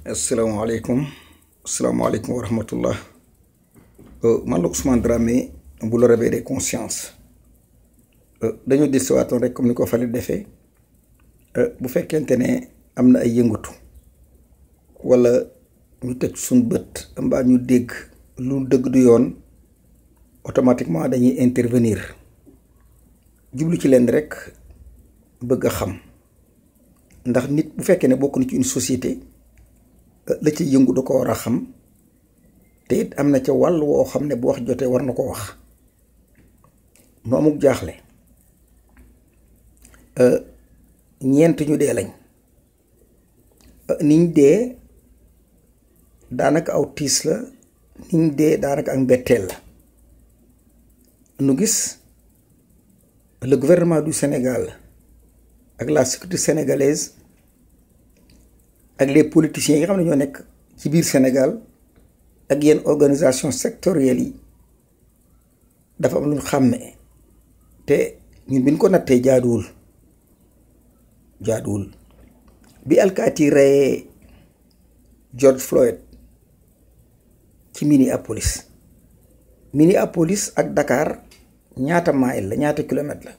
assalamu alaikum wa rahmatullah euh, man la Ousmane Dramé bu la réveil des consciences euh, dañu rek comme ni ko défé euh bu né amna ay wala ñu am ba ñu dégg lu dëgg du automatiquement dañuy intervenir Je ci que rek bëgg xam ndax nit bu bokku ci une société la ci yëngu du ko war a xam te it am na ca wàll woo xam ne bu wax jotee war na ko wax mu amuk jaaxle euh, ñeent ñu dee lañ euh, niñ dee daanaka aw tiis la niñ dee daanaka ak mbetteel la nu gis le gouvernement du Sénégal ak la sécurité sénégalaise ak les politiciens yi nga xam ne ñoo nekk ci biir Sénégal ak yenn organisation sectorielles yi dafa am lu ñu xam ne te ñun bi ñu ko nattee jaaduwul jaaduwul bi alkaati reyee George Floyd ci Minneapolis Minneapolis ak Dakar ñaata mile la ñaata kilomètre la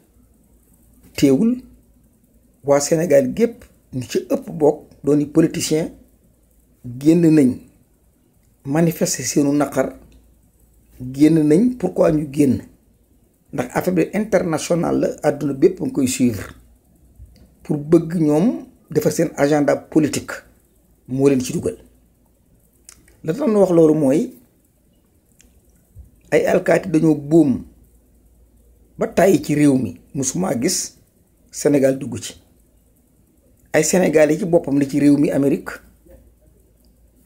teewul waa Sénégal gépp ñu ci ëpp bokk dooni politicien génn nañ manifeste seenu naqar génn nañ pour quoi ñu génn ndax affaire bi international la àdduna bépp nga koy suivre pour bëgg ñoom defar seen agenda politique moo leen ci dugal la tax nu wax loolu mooy ay alkaati dañoo buum ba tàyyi ci réew mi musuma gis Sénégal dugg ci ay sénégalais ci boppam la ci réew mi Amérique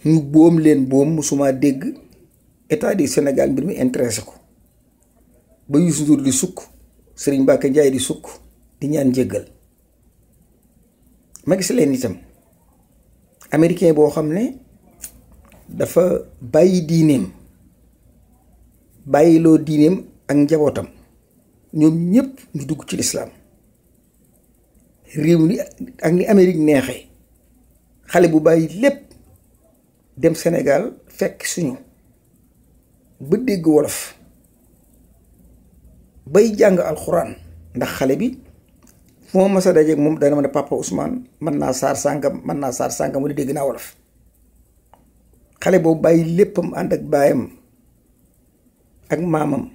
ñu boom leen boom musuma dégg état du Sénégal mbir mi intéressé ko ba Youssou Ndour di sukk sëriñ Mbacké Ndiaye di sukk di ñaan jéggal ma gis leen itam américain boo xam ne dafa bàyyi diineem bàyyiloo diineem ak njabootam ñoom ñëpp ñu dugg ci lislaam réew mi ak ni amerig neexee xale bu bàyyi lépp dem senegal fekk suñu ba dégg wolof bay jàng alxuraan ndax xale bi fu ma masa dajeeg moom dana ma ne papa Ousmane mën naa saar sàngam mën naa saar sàngam wala dégg naa wolof xale boobu bàyyi léppam ànd ak baayam ak maamam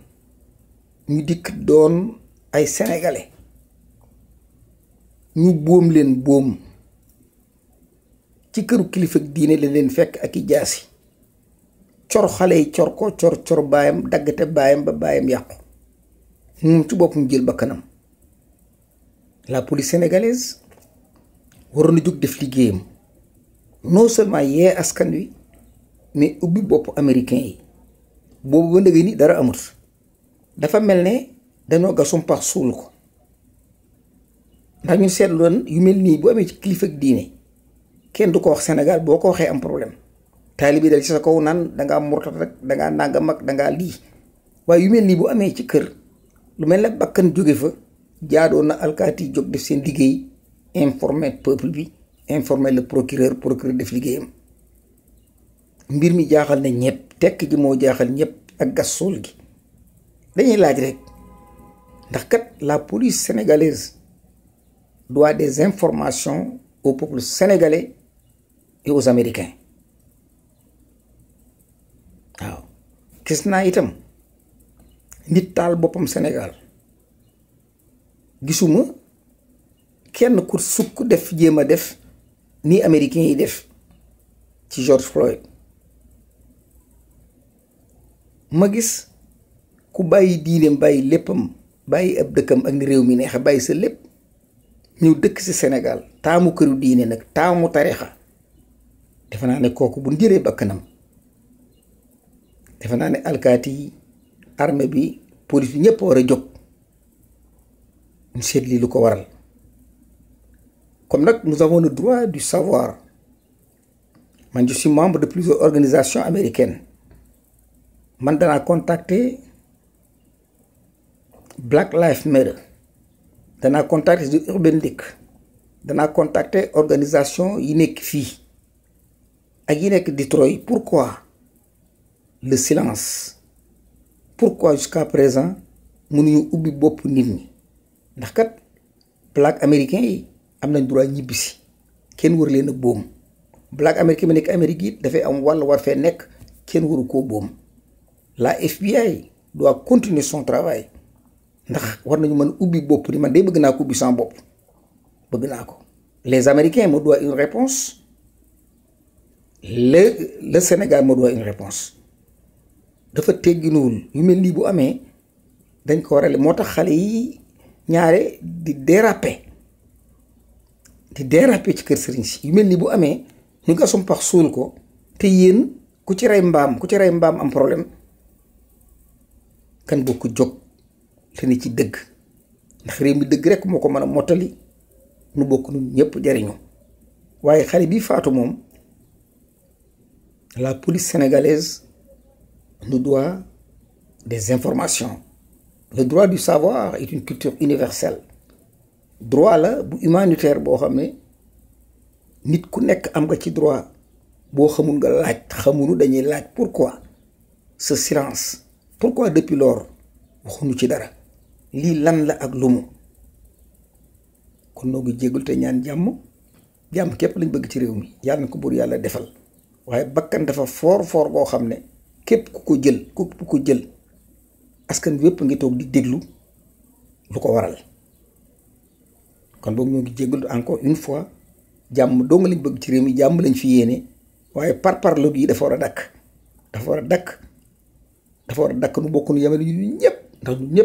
ñu dikk doon ay sénégalais. ñu boom leen boom ci këru kilifa diine la leen fekk ak i jaasi cor xale yi cor ko cor cor baayam daggate baayam ba baayam yàqu moom ci boppam jël ba kanam la police sénégalaise waroon na jóg def liggéeyam non seulement yee askan wi mais ubbi bopp américain yi boobu ba ndege dara amut dafa mel ne dañoo gasum pax suul ko ndax ñu seetloon yu mel nii bu amee ci kilifa ak diine kenn du ko wax Sénégal boo ko waxee am problème taalibe dal ci sa kaw naan da ngaa murtat rek da ngaa nangam mag danga lii waaye yu mel nii bu amee ci kër lu mel ne bakkan jóge fa jaadoon na alkaati jóg def seen liggéey informer peuple bi informer le procureur procureur def liggéeyam mbir mi jaaxal na ñëpp tekk ji moo jaaxal ñëpp ak gas suul gi dañuy laaj rek ndax kat la police sénégalaise. doit des informations au peuple sénégalais et aux Américains waaw gis naa itam nit taal Sénégal gisuma kenn ku souk def jéem def ni américains yi def ci George Floyd ma gis ku bàyyi diineem bàyyi léppam bàyyi ab dëkkam ak ni réew mi sa ñëw dëkk ci Sénégal taamu këru diine nag taamu tarixa defe naa ne kooku bu njëree bakkanam defe naa ne alkaati yi armée bi police bi ñëpp war a jóg ñu seet lii lu ko waral comme nag nous avons le droit du savoir man je suis membre de plusieurs organisations américaines man danaa contacté Black Lives Matter contacté contacter Urban League danaa contacté organisation yi nekk fii ak yi nekk Detroit pourquoi le silence pourquoi jusqu'à présent mënuñu ubbi bop nit ñi ndax kat black américain yi am nañ droit ñibbisi kenn war leen a boom black américain bi nekk Amérique yi dafay am wàll war fee nekk kenn waru koo boom la FBI doit continuer son travail ndax war nañu mën ubbi bopp ni man de bëgg naa ko ubbi sans bopp bëgg naa ko les américains me doivent une réponse le le Sénégal me doit une réponse dafa tegginuwul yu mel nii bu amee dañ ko warale moo tax xale yi ñaare di déraper di déraper ci kër sëriñ si yu mel nii bu amee ñu gasum pax suul ko te yéen ku ci rey mbaam ku ci rey mbaam am problème kan bokk jóg te ci dëgg ndax réew mi dëgg rek moo ko mën a mottali nu bokk nun ñëpp jariñu waaye xale bi faatu moom la police sénégalaise nous doit des informations le droit du savoir est une culture universelle droit la bu humanitaire boo xam ne nit ku nekk am nga ci droit boo xamul nga laaj xamunu dañuy laaj pourquoi ce silence pourquoi depuis lors waxunu ci dara li lan la ak lumu kon noo jegul te ñaan jamm jamm kep lañ bëgg ci réew mi yalla ko defal waye bakkan dafa for for go xamne kep ku ko jël ku ko jël askan wepp yépp ngi di deglu lu ko waral kon boobu ngi jéggul encore une fois jamm doo nga lañ bëgg ci réew mi jamm lañ fi yéné waye par lu gi dafa wara dak dafa wara dak dafa wara dak nu bokku ñu yamal ñu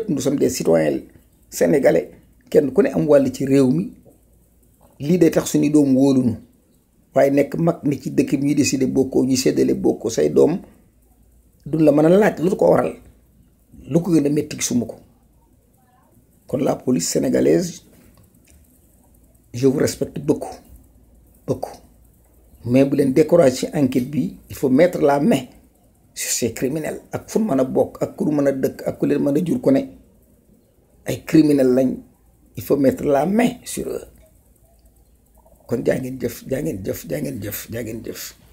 nous sommes des citoyens sénégalais kenn ku ne am wàll ci réew mi lii tax suñu doom ont waaye nekk mag ni ci dëkk bi décider bokkoo séddale say la mën a lu ko la police sénégalaise je vous respecte beaucoup beaucoup mais bu leen décourage ci enquête il faut mettre la main. c'est criminel ak fu mën a bokk ak ku mën a dëkk ak ku leen mën a jur ku ay criminel lañ il faut mettre la main sur eux kon jaa ngeen jëf jàngeen jëf jàngeen jëf jaa ngeen jëf